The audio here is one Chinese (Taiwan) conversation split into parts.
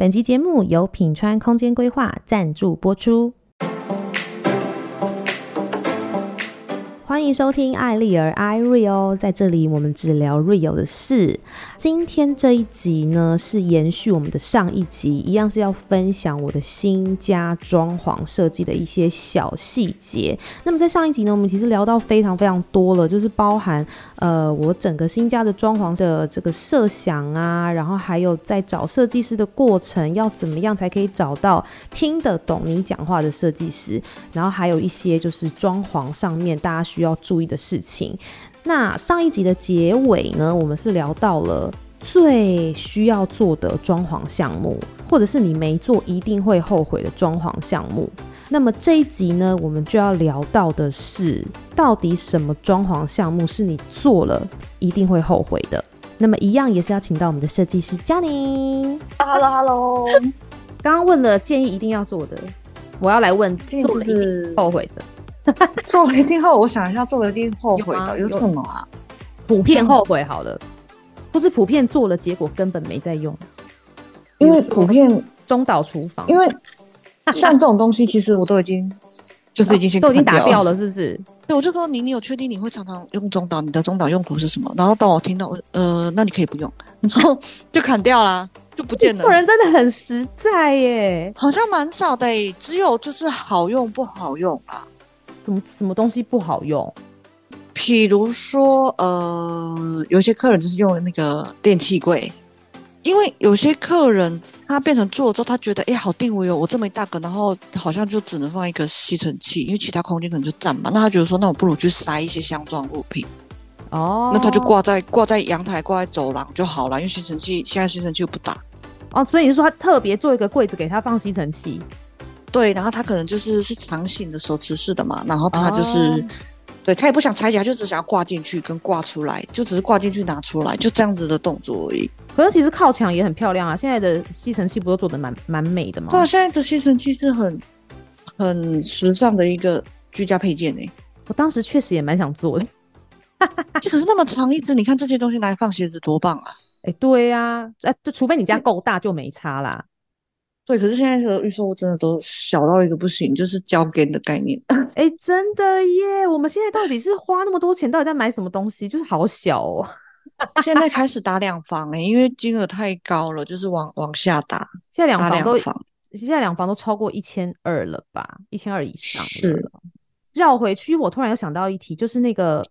本集節目由品川空間規劃贊助播出。收聽艾麗兒艾瑞哦，real，在這裡我們只聊瑞 o 的事。今天這一集呢，是延續我們的上一集，一樣是要分享我的新家裝潢設計的一些小細節。那麼在上一集呢，我們其實聊到非常非常多了，就是包含呃我整個新家的裝潢的這個設想啊，然後還有在找設計師的過程，要怎麼樣才可以找到聽得懂你講話的設計師，然後還有一些就是裝潢上面大家需要。注意的事情。那上一集的結尾呢，我們是聊到了最需要做的裝潢項目，或者是你沒做一定會後悔的裝潢項目。那麼這一集呢，我們就要聊到的是，到底什麼裝潢項目是你做了一定會後悔的？那麼一樣也是要請到我們的設計師嘉寧。Hello，Hello、啊。剛剛 問了建議一定要做的，我要來問，就是你後悔的。 做了一定後，我想一下，做了一定後悔的又痛了啊。普遍後悔好了，不是普遍做了，結果根本沒在用。因為普遍中島廚房。因為像這種東西，其實我都已經 就是已經先、啊、都已經打掉了，是不是？對，我就說你，你有確定你會常常用中島？你的中島用途是什麼？然後當我聽到我說，呃，那你可以不用，然後就砍掉了，就不見了。做人真的很實在耶，好像蠻少的、欸、只有就是好用不好用啊怎麼什麼東西不好用？譬如說，呃，有些客人就是用那個電器櫃，因為有些客人他變成做了之後，他覺得哎、欸，好定位哦，我這麼一大個，然後好像就只能放一個吸塵器，因為其他空間可能就占嘛。那他覺得說，那我不如去塞一些箱裝物品哦，那他就掛在掛在陽台、掛在走廊就好了，因為吸塵器現在吸塵器又不大哦，所以你是說他特別做一個櫃子給他放吸塵器。對，然後他可能就是是長型的手持式的嘛，然後他就是，哦、對他也不想拆起來，就只想要掛進去跟掛出來，就只是掛進去拿出來，就這樣子的動作而已。可是其實靠牆也很漂亮啊，現在的吸塵器不都做得蠻蠻美的嗎？對，現在的吸塵器是很很時尚的一個居家配件誒、欸。我當時確實也蠻想做的， 就可是那麼長一支，你看這些東西拿來放鞋子多棒啊！哎、欸，對呀、啊啊，就除非你家夠大就沒差啦。欸對，可是現在這個預售真的都小到一個不行，就是交給你的概念。哎、欸，真的耶！我們現在到底是花那麼多錢， 到底在買什麼東西？就是好小哦。 現在開始打兩房哎、欸，因為金額太高了，就是往往下打。現在兩房都，房現在兩房都超過一千二了吧？一千二以上了。是。繞回去，我突然又想到一題，就是那個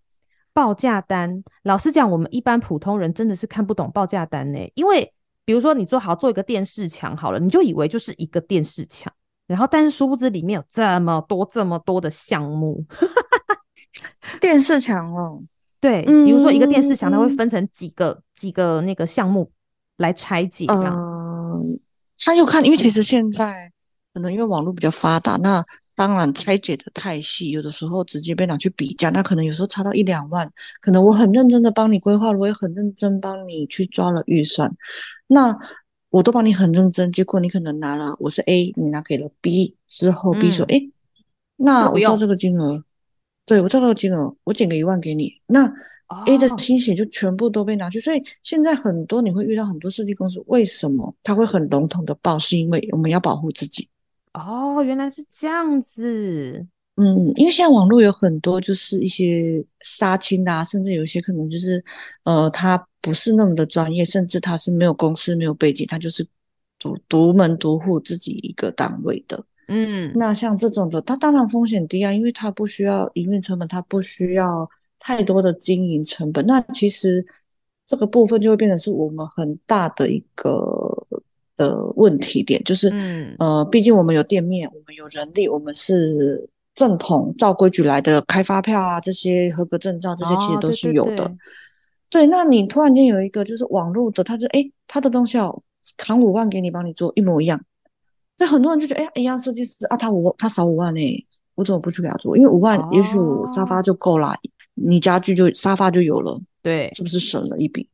報價單。老實講，我們一般普通人真的是看不懂報價單呢、欸，因為。比如說，你做好做一個電視牆好了，你就以為就是一個電視牆，然後但是殊不知裡面有這麼多、這麼多的項目。 電視牆哦，對，比如說一個電視牆、嗯，它會分成幾個、嗯、幾個那個項目來拆解。嗯、呃，他又看，因為其實現在可能因為網絡比較發達，那。當然，拆解的太細，有的時候直接被拿去比價，那可能有時候差到一兩萬。可能我很認真的幫你規劃，我也很認真幫你去抓了預算，那我都幫你很認真。結果你可能拿了我是 A，你拿給了 B 之後，B 說：“哎、嗯欸，那我照這個金額，對，我照這個金額，我減個一萬給你。”那 A 的心血就全部都被拿去、哦。所以現在很多你會遇到很多設計公司，為什麼他會很籠統的報？是因為我們要保護自己。哦，原來是這樣子。嗯，因為現在網絡有很多，就是一些殺青啊，甚至有些可能就是，呃，他不是那麼的專業，甚至他是沒有公司、沒有背景，他就是獨獨門獨戶自己一個單位的。嗯，那像這種的，他當然風險低啊，因為他不需要營運成本，他不需要太多的經營成本。那其實這個部分就會變成是我們很大的一個。的問題點就是，嗯，呃，畢竟我們有店面，我們有人力，我們是正統，照規矩來的，開發票啊，這些合格證照，這些其實都是有的、哦對對對。對，那你突然間有一個就是網絡的，他就哎，他的東西哦，砍五萬給你，幫你做一模一樣。那很多人就覺得，誒哎呀，一樣設計師啊，他五他少五萬哎、欸，我怎麼不去給他做？因為五萬也許我沙發就夠啦，哦、你家具就沙發就有了，對，是不是省了一筆？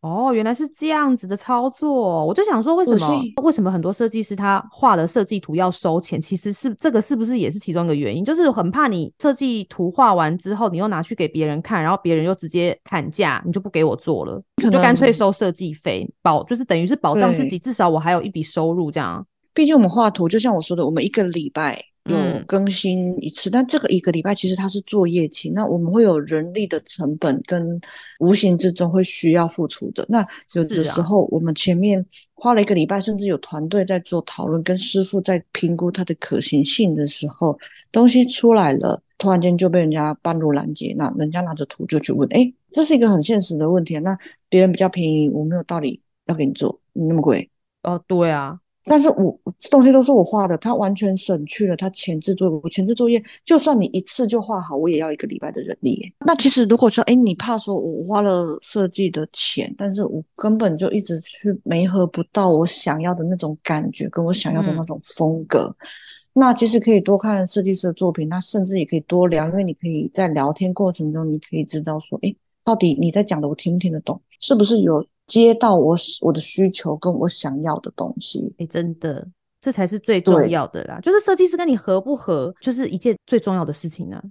哦，原來是這樣子的操作，我就想說，為什麼為什麼很多設計師他畫了設計圖要收錢？其實是這個是不是也是其中一個原因？就是很怕你設計圖畫完之後，你又拿去給別人看，然後別人又直接砍價，你就不給我做了，你就乾脆收設計費，嗯，保就是等於是保障自己，至少我還有一筆收入。這樣，畢竟我們畫圖，就像我說的，我們一個禮拜。有更新一次、嗯，但這個一個禮拜其實它是做業績，那我們會有人力的成本跟無形之中會需要付出的。那有的時候我們前面花了一個禮拜、啊，甚至有團隊在做討論，跟師傅在評估它的可行性的時候，東西出來了，突然間就被人家半路攔截，那人家拿着圖就去問：“哎、欸，這是一個很現實的問題，那別人比較便宜，我沒有道理要給你做，你那麼貴。”哦，對啊。但是我這東西都是我畫的，他完全省去了他前置作業。我前置作業，就算你一次就畫好，我也要一個禮拜的人力。那其實如果說，誒，你怕說我花了設計的錢，但是我根本就一直去沒合不到我想要的那種感覺，跟我想要的那種風格。嗯、那其實可以多看設計師的作品，那甚至也可以多聊，因為你可以在聊天過程中，你可以知道說，誒到底你在講的我聽不聽得懂？是不是有接到我我的需求跟我想要的東西？哎、欸，真的，這才是最重要的啦。就是設計師跟你合不合，就是一件最重要的事情呢、啊。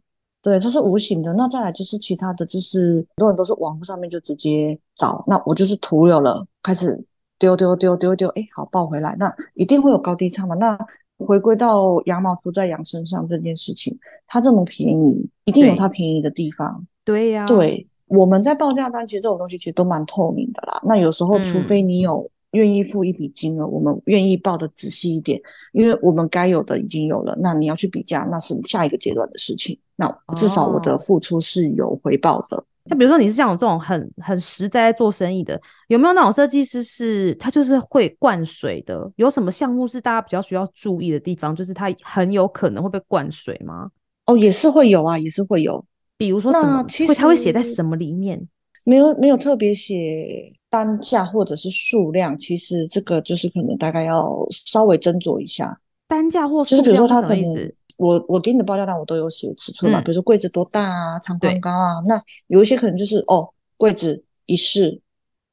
對，它是無形的。那再來就是其他的，就是很多人都是網上面就直接找，那我就是徒有了，開始丟丟丟丟丟。哎、欸，好，抱回來，那一定會有高低差嘛。那回歸到羊毛出在羊身上這件事情，它這麼便宜，一定有它便宜的地方。對呀，對。對啊對我們在報價單，其實這種東西其實都蠻透明的啦。那有時候，除非你有願意付一筆金額，嗯、我們願意報得仔細一點，因為我們該有的已經有了。那你要去比價，那是下一個階段的事情。那至少我的付出是有回報的。那、哦、比如說你是像我這種很很實在做生意的，有沒有那種設計師是他就是會灌水的？有什麼項目是大家比較需要注意的地方？就是他很有可能會被灌水嗎？哦，也是會有啊，也是會有。比如說，那其實會它會寫在什麼裡面？沒有，沒有特別寫單價或者是數量。其實這個就是可能大概要稍微斟酌一下，單價或數量就是比如說它可能，我我給你的報價單我都有寫尺寸嘛、嗯，比如說櫃子多大啊，長寬高啊。那有一些可能就是哦，櫃子一式，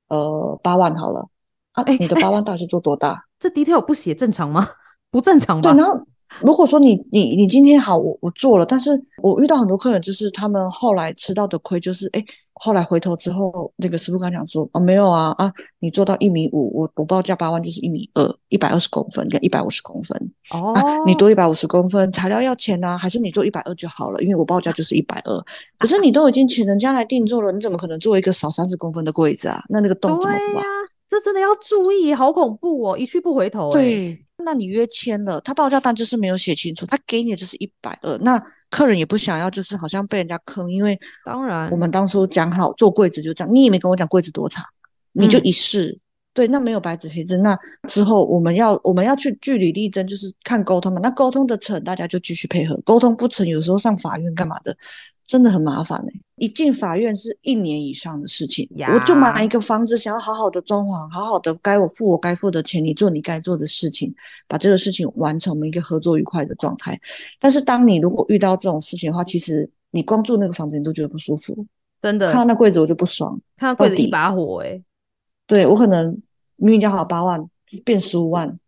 呃，八萬好了啊、欸，你的八萬到底是做多大？欸欸、這 detail 不寫正常嗎？不正常吧？對，然後。如果說你你你今天好，我我做了，但是我遇到很多客人，就是他們後來吃到的虧，就是哎，後來回頭之後，那個師傅跟講說，哦沒有啊啊，你做到一米五，我我報價八萬就是一米二，一百二十公分跟一百五十公分哦、啊，你多一百五十公分材料要錢吶、啊，還是你做一百二就好了，因為我報價就是一百二，可是你都已經請人家來定做了，你怎麼可能做一個少三十公分的櫃子啊？那那個洞怎麼挖？這真的要注意，好恐怖哦，一去不回頭、欸。對，那你約簽了，他報價單就是沒有寫清楚，他給你就是一百二，那客人也不想要，就是好像被人家坑，因為當然我們當初講好做櫃子就這樣，你也沒跟我講櫃子多長，你就一試，嗯、對，那沒有白紙黑字，那之後我們要我們要去據理力爭，就是看溝通嘛，那溝通的成，大家就繼續配合，溝通不成，有時候上法院幹嘛的。真的很麻煩呢、欸。一進法院是一年以上的事情。我就買一個房子，想要好好的裝潢，好好的該我付我該付的錢，你做你該做的事情，把這個事情完成，我們一個合作愉快的狀態。但是，當你如果遇到這種事情的話，其實你光住那個房子，你都覺得不舒服。真的，看到那櫃子我就不爽，看到櫃子一把火哎、欸。對，我可能明明交好八萬，變十五萬，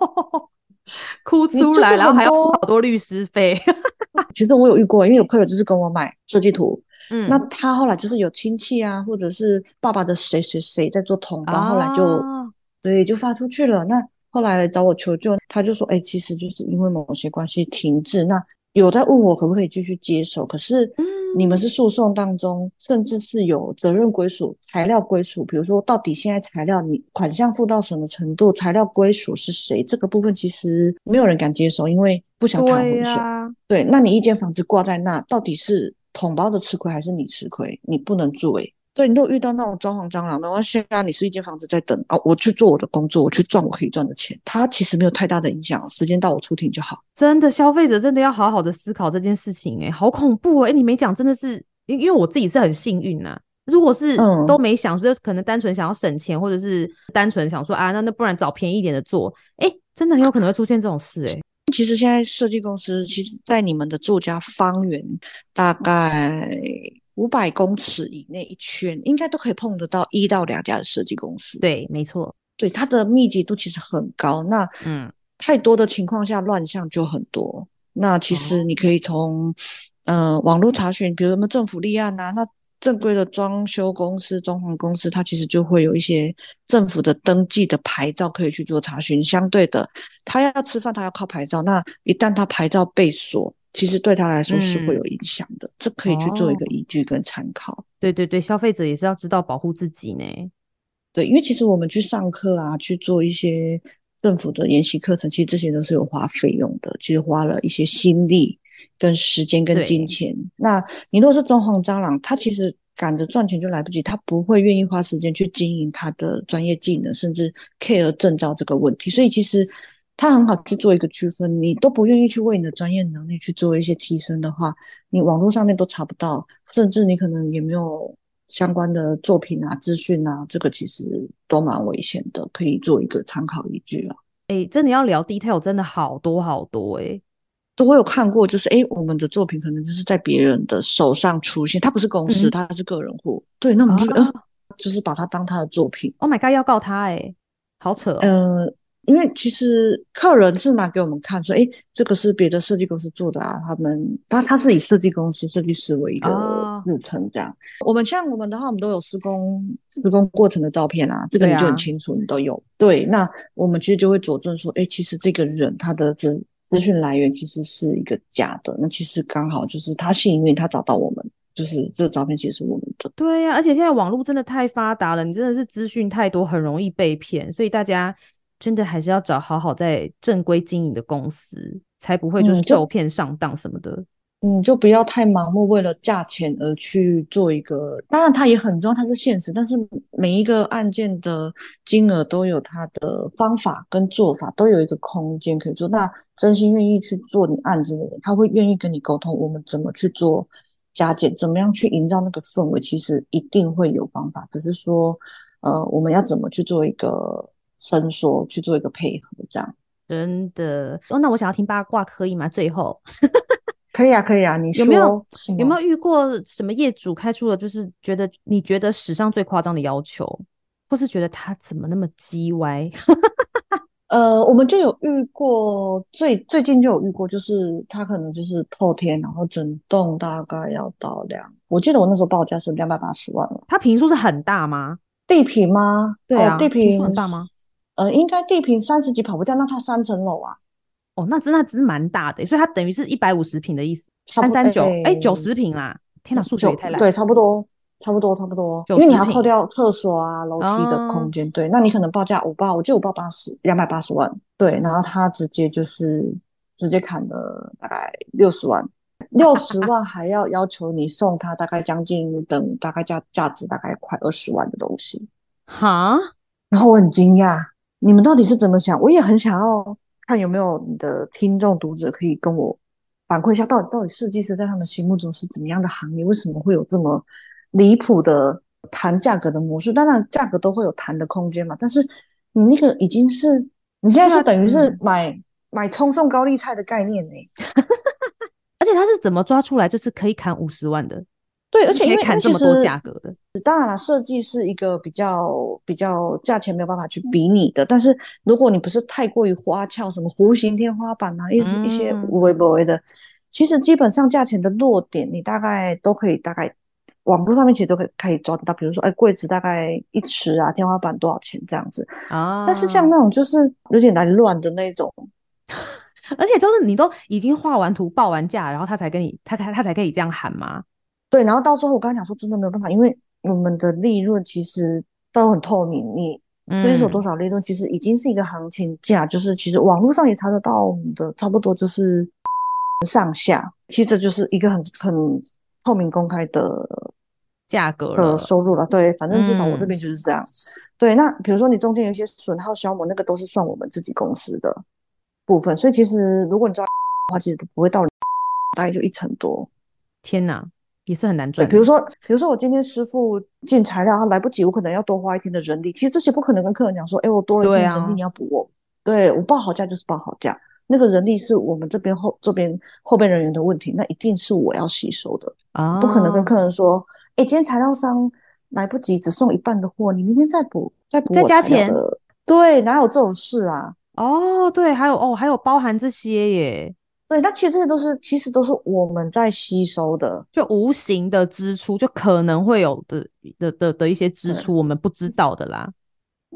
哭出來， 多然後還要付好多律師費。 那、啊、其實我有遇過，因為有朋友就是跟我買設計圖，嗯，那他後來就是有親戚啊，或者是爸爸的誰誰誰在做統包，然後後來就、哦、對，就發出去了。那後來找我求救，他就說，哎、欸，其實就是因為某些關係停滯。那有在問我可不可以繼續接手，可是你們是訴訟當中、嗯，甚至是有責任歸屬、材料歸屬，比如說到底現在材料你款項付到什麼程度，材料歸屬是誰，這個部分其實沒有人敢接手，因為。不想躺回水對、啊，對，那你一間房子掛在那，到底是統包的吃虧還是你吃虧？你不能住。哎、欸，對，你都遇到那種裝潢蟑螂的話，現在你是一間房子在等。啊、哦，我去做我的工作，我去賺我可以賺的錢，它其實沒有太大的影響，時間到我出庭就好。真的，消費者真的要好好的思考這件事情。哎、欸，好恐怖哎、欸欸，你沒講真的是，因因為我自己是很幸運吶、啊，如果是都沒想說，嗯、可能單純想要省錢，或者是單純想說啊，那那不然找便宜一點的做，哎、欸，真的很有可能會出現這種事哎、欸。其實現在設計公司，其實在你們的住家方圓大概五百公尺以內一圈，應該都可以碰得到一到兩家的設計公司。對，沒錯。對，它的密集度其實很高。那嗯，太多的情況下亂象就很多。那其實你可以從嗯、呃、網絡查詢，比如什麼政府立案啊，那。正規的裝修公司、裝潢公司，它其實就會有一些政府的登記的牌照可以去做查詢。相對的，他要吃飯，他要靠牌照。那一旦他牌照被鎖，其實對他來說是會有影響的。嗯。這可以去做一個依據跟參考。哦。對對對，消費者也是要知道保護自己呢。對，因為其實我們去上課啊，去做一些政府的研習課程，其實這些都是有花費用的，其實花了一些心力。跟時間跟金錢，那你如果是裝潢蟑螂，他其實趕着賺錢就來不及，他不會願意花時間去經營他的專業技能，甚至 care 證照這個問題。所以其實他很好去做一個區分。你都不願意去為你的專業能力去做一些提升的話，你網絡上面都查不到，甚至你可能也沒有相關的作品啊、資訊啊，這個其實都蠻危險的，可以做一個參考依據啊。哎，真的要聊 detail，真的好多好多哎、欸。我有看過，就是哎、欸，我們的作品可能就是在別人的手上出現，他不是公司，他、嗯、是個人戶。對，那我們就、哦呃、就是把他當他的作品。Oh my god！要告他哎、欸，好扯、哦。嗯、呃，因為其實客人是拿給我們看說，哎、欸，這個是別的設計公司做的啊，他們他他是以設計公司設計師為一個自稱。這樣、哦。我們像我們的話，我們都有施工施工過程的照片啊，這個你就很清楚、啊，你都有。對，那我們其實就會佐證說，哎、欸，其實這個人他的這。資訊來源其實是一個假的，那其實剛好就是他幸運，他找到我們，就是這個照片其實是我們的。對呀、啊，而且現在網絡真的太發達了，你真的是資訊太多，很容易被騙，所以大家真的還是要找好好在正規經營的公司，才不會就是受騙上當什麼的。嗯嗯，就不要太盲目，為了價錢而去做一個。當然，它也很重要，它是現實。但是每一個案件的金額都有它的方法跟做法，都有一個空間可以做。那真心願意去做你案子的人，他會願意跟你溝通，我們怎麼去做加減，怎麼樣去營造那個氛圍，其實一定會有方法。只是說，呃，我們要怎麼去做一個伸縮，去做一個配合，這樣真的。哦，那我想要聽八卦可以嗎？最後。 可以啊，可以啊，你有沒有是有沒有遇過什麼業主開出了就是覺得你覺得史上最誇張的要求，或是覺得他怎麼那麼嘰歪？呃，我們就有遇過，最最近就有遇過，就是他可能就是透天，然後整棟大概要到兩，我記得我那時候報價是兩百八十萬。他平數是很大嗎？地平嗎？對啊。哦、地平很大嗎？呃，應該地平三十幾跑不掉，那他三層樓啊。哦、那真的真的蠻大的、欸，所以它等於是一百五十平的意思，三三九哎九十平啦！天哪，數學也太爛。對，差不多，差不多，差不多。因為你要扣掉廁所啊、樓梯的空間、啊。對，那你可能報價五八，我就五八八十兩百八十萬。對，然後他直接就是直接砍了大概六十萬，六 十萬還要要求你送他大概將近等大概價價值大概快二十萬的東西。啊！然後我很驚訝，你們到底是怎麼想？我也很想要。看有沒有你的聽眾讀者可以跟我反饋一下，到底到底設計師在他們心目中是怎麼樣的行業？為什麼會有這麼離譜的談價格的模式？當然價格都會有談的空間嘛，但是你那個已經是你現在是等於是買買蔥送、嗯、高麗菜的概念呢、欸， 而且他是怎麼抓出來就是可以砍五十萬的？對，而且可以砍這麼多價格的。當然了，設計是一個比較比較價錢沒有辦法去比擬的、嗯。但是如果你不是太過於花俏，什麼弧形天花板啊，一、嗯、一些有的沒的，其實基本上價錢的落點，你大概都可以大概網絡上面其實都可以可以抓得到。比如說，哎、欸，櫃子大概一尺啊，天花板多少錢這樣子啊？但是像那種就是有點難亂的那種，而且就是你都已經畫完圖報完價，然後他才跟你他他他才可以這樣喊嗎？對，然後到最後我剛才講說，真的沒有辦法，因為。我們的利潤其實都很透明，你遵守多少利潤，其實已經是一個行情價，嗯、就是其實網絡上也查得到，我們的差不多就是上下，其實這就是一個很很透明公開的價格的收入了。對，反正至少我這邊就是這樣。嗯、對，那比如說你中間有一些損耗消磨，那個都是算我們自己公司的部分，所以其實如果你知道的話，其實不會到大概就一成多。天哪？也是很難賺、欸。比如說，比如說我今天師傅進材料他來不及，我可能要多花一天的人力。其實這些不可能跟客人講說，哎、欸，我多了一天人力，啊、你要補我。對，我報好價就是報好價，那個人力是我們這邊後這邊後備人員的問題，那一定是我要吸收的，哦、不可能跟客人說，哎、欸，今天材料商來不及，只送一半的貨，你明天再補，再補我加錢。對，哪有這種事啊？哦，對，還有哦，還有包含這些耶。對，但其實這些都是，其實都是我們在吸收的，就無形的支出，就可能會有的的的的一些支出，我們不知道的啦。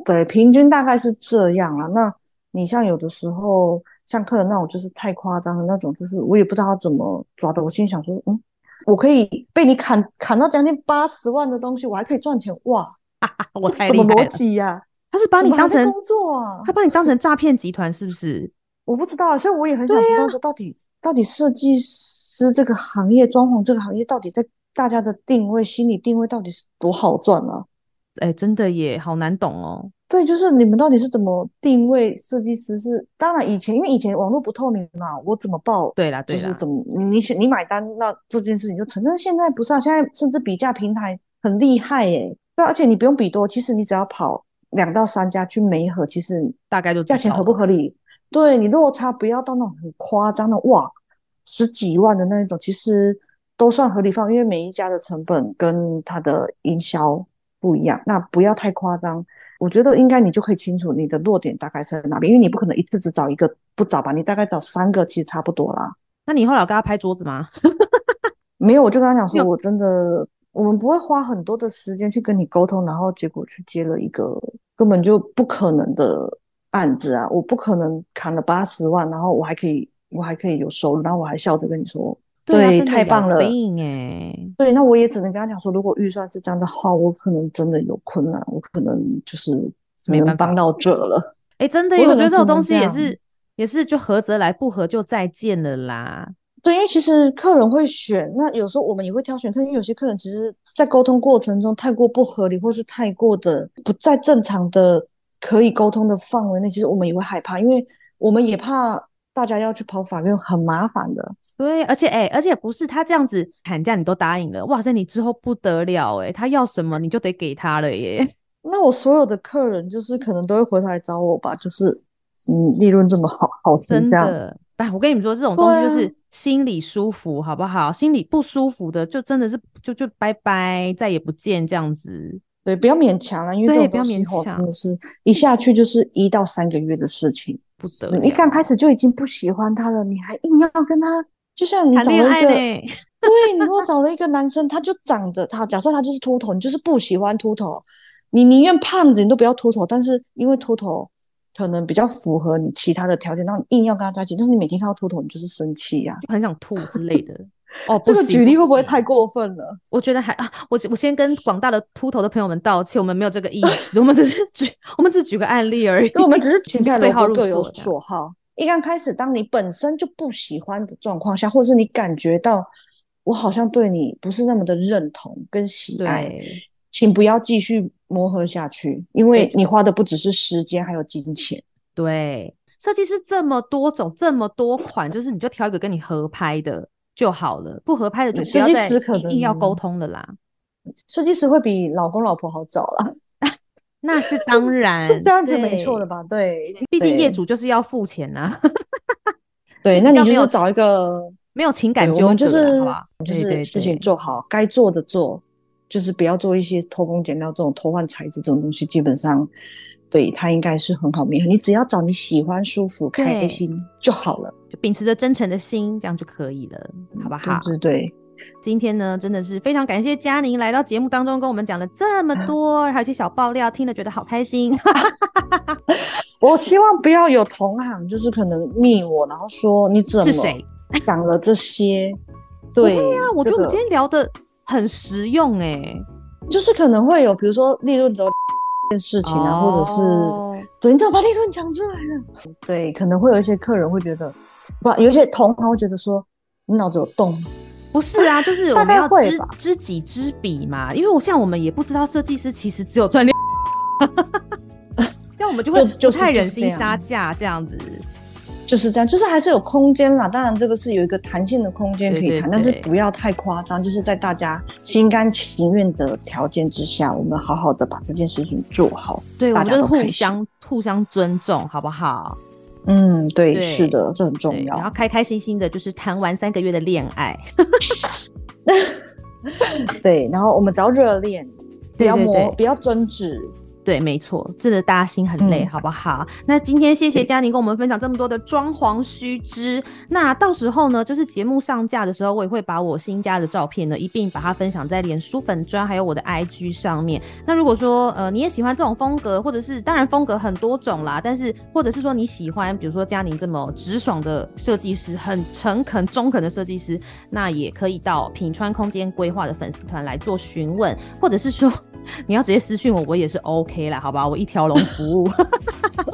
對，平均大概是這樣啊。那你像有的時候，像客人那種就是太誇張的那種，就是我也不知道他怎麼抓的。我心裡想說，嗯，我可以被你砍砍到將近八十萬的東西，我還可以賺錢哇！啊、我太了什麼邏輯呀？他是把你當成工作啊？他把你當成詐騙集團是不是？ 我不知道，所以我也很想知道說到底，啊、到底設計師這個行業、裝潢這個行業到底在大家的定位、心理定位到底是多好賺啊？哎、欸，真的也好難懂哦。對，就是你們到底是怎麼定位設計師是？是當然以前因為以前網絡不透明嘛，我怎麼報怎麼？對啦，就是怎麼你你買單，那這件事情就成。但現在不是啊，現在甚至比價平台很厲害哎，對，而且你不用比多，其實你只要跑兩到三家去每一盒，其實大概就價錢合不合理。對你落差不要到那種很誇張的哇，十幾萬的那一種，其實都算合理範圍，因為每一家的成本跟他的營銷不一樣，那不要太誇張。我覺得應該你就可以清楚你的落點大概是在哪邊，因為你不可能一次只找一個，不找吧？你大概找三個，其實差不多啦。那你後來有跟他拍桌子嗎？ 沒有，我就跟他講說，我真的，我們不會花很多的時間去跟你溝通，然後結果去接了一個根本就不可能的。案子啊，我不可能砍了八十萬，然後我還可以，我還可以有收入，然後我還笑着跟你說，對啊，對，太棒了。回應哎，對，那我也只能跟他講說，如果預算是這樣的話，我可能真的有困難，我可能就是沒辦法能幫到這了。哎、欸，真的，因為我覺得這種東西也是也是就合則來，不合就再見了啦。對，因為其實客人會選，那有時候我們也會挑選客人，因為有些客人其實，在溝通過程中太過不合理，或是太過的不在正常的。可以溝通的範圍內，其實我們也會害怕，因為我們也怕大家要去跑法院很麻煩的。對，而且哎、欸，而且不是他這樣子砍價，你都答應了，哇塞，你之後不得了哎、欸，他要什麼你就得給他了耶、欸。那我所有的客人就是可能都會回頭來找我吧，就是嗯，利潤這麼好，好真的。哎、啊，我跟你們說，這種東西就是心裡舒服、啊，好不好？心裡不舒服的，就真的是就就，就拜拜，再也不見這樣子。對，不要勉強了、啊，因為這種東西不真的是一下去就是一到三個月的事情，不得了、啊。你剛開始就已經不喜歡他了，你還硬要跟他，就像你找了一個， 對，你如果找了一個男生，他就長得他，假設他就是禿頭，你就是不喜歡禿頭，你寧願胖子你都不要禿頭，但是因為禿頭可能比較符合你其他的條件，那你硬要跟他在一起，但是你每天看到禿頭，你就是生氣呀、啊，就很想吐之類的。 哦，這個舉例會不會太過分了？我覺得還啊，我我先跟廣大的禿頭的朋友們道歉，我們沒有這個意思 我，我們只是舉，我們只是舉個案例而已。對對，我們只是請大家對，各有所好。一剛開始，當你本身就不喜歡的狀況下，或者是你感覺到我好像對你不是那麼的認同跟喜愛，請不要繼續磨合下去，因為你花的不只是時間，還有金錢。對，設計師這麼多種，這麼多款，就是你就挑一個跟你合拍的。就好了，不合拍的主設計師可能要溝通的啦。設計師會比老公老婆好找啦， 那是當然， 這樣就沒錯了吧？對，畢竟業主就是要付錢吶、啊。 對，那你就是找一個沒有，沒有情感糾葛的，好吧，就是？就是事情做好，該做的做，就是不要做一些偷工減料，這種偷換材質這種東西，基本上。所以它應該是很好面，你只要找你喜歡、舒服、開心就好了，就秉持着真誠的心，這樣就可以了，好不好？嗯、對對對，今天呢真的是非常感謝嘉寧來到節目當中，跟我們講了這麼多，還、啊、有一些小爆料，聽了覺得好開心。啊、哈哈哈哈，我希望不要有同行就是可能滅我，然後說，你怎麼講了這些？對呀、 啊，我覺得你今天聊得很實用哎、欸這個，就是可能會有比如說利潤走。事情啊，或者是對，你怎麼把利潤講出來了，對，可能會有一些客人會覺得，哇，有一些同行會覺得說，你腦子有洞，不是啊，就是我們要知知己知彼嘛，因為我像我們也不知道設計師其實只有賺六，像 就 我們就會不太忍心殺價這樣子。就是這樣，就是還是有空間啦。當然，這個是有一個彈性的空間可以彈，但是不要太誇張。就是在大家心甘情願的條件之下，我們好好的把這件事情做好。對，我們就互相互相尊重，好不好？嗯，對，對是的，這很重要。然後開開心心的，就是談完三個月的戀愛。 對，然後我們只要熱戀，不要磨，不要爭執。對，沒錯，真的大家心很累，嗯，好不好？那今天謝謝嘉寧跟我們分享這麼多的裝潢須知。那到時候呢，就是節目上架的時候，我也會把我新家的照片呢一併把它分享在臉書粉專還有我的 IG 上面。那如果說呃你也喜歡這種風格，或者是當然風格很多種啦，但是或者是說你喜歡，比如說嘉寧這麼直爽的設計師，很誠懇、中肯的設計師，那也可以到品川空間規劃的粉絲團來做詢問，或者是說。你要直接私訊我，我也是 OK 啦，好吧，我一條龍服務。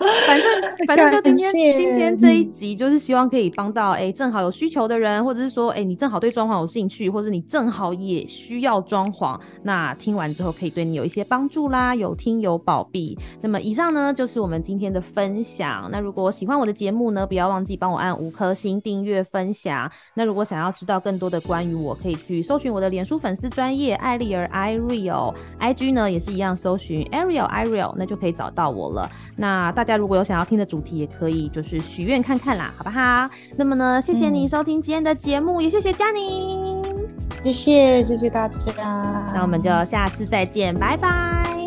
反正反正就今天今天這一集，就是希望可以幫到哎、欸，正好有需求的人，或者是說哎、欸，你正好對裝潢有興趣，或者你正好也需要裝潢，那聽完之後可以對你有一些幫助啦。有聽有保庇，那麼以上呢就是我們今天的分享。那如果喜歡我的節目呢，不要忘記幫我按五顆星訂閱分享。那如果想要知道更多的關於我，可以去搜尋我的臉書粉絲專頁艾莉兒 Ireal，IG 呢也是一樣搜尋 Ariel Ireal 那就可以找到我了。那大家。大家如果有想要聽的主題，也可以就是許願看看啦，好不好？那麼呢，謝謝你收聽今天的節目，嗯，也謝謝嘉寧，謝謝謝謝大家，那我們就下次再見，拜拜。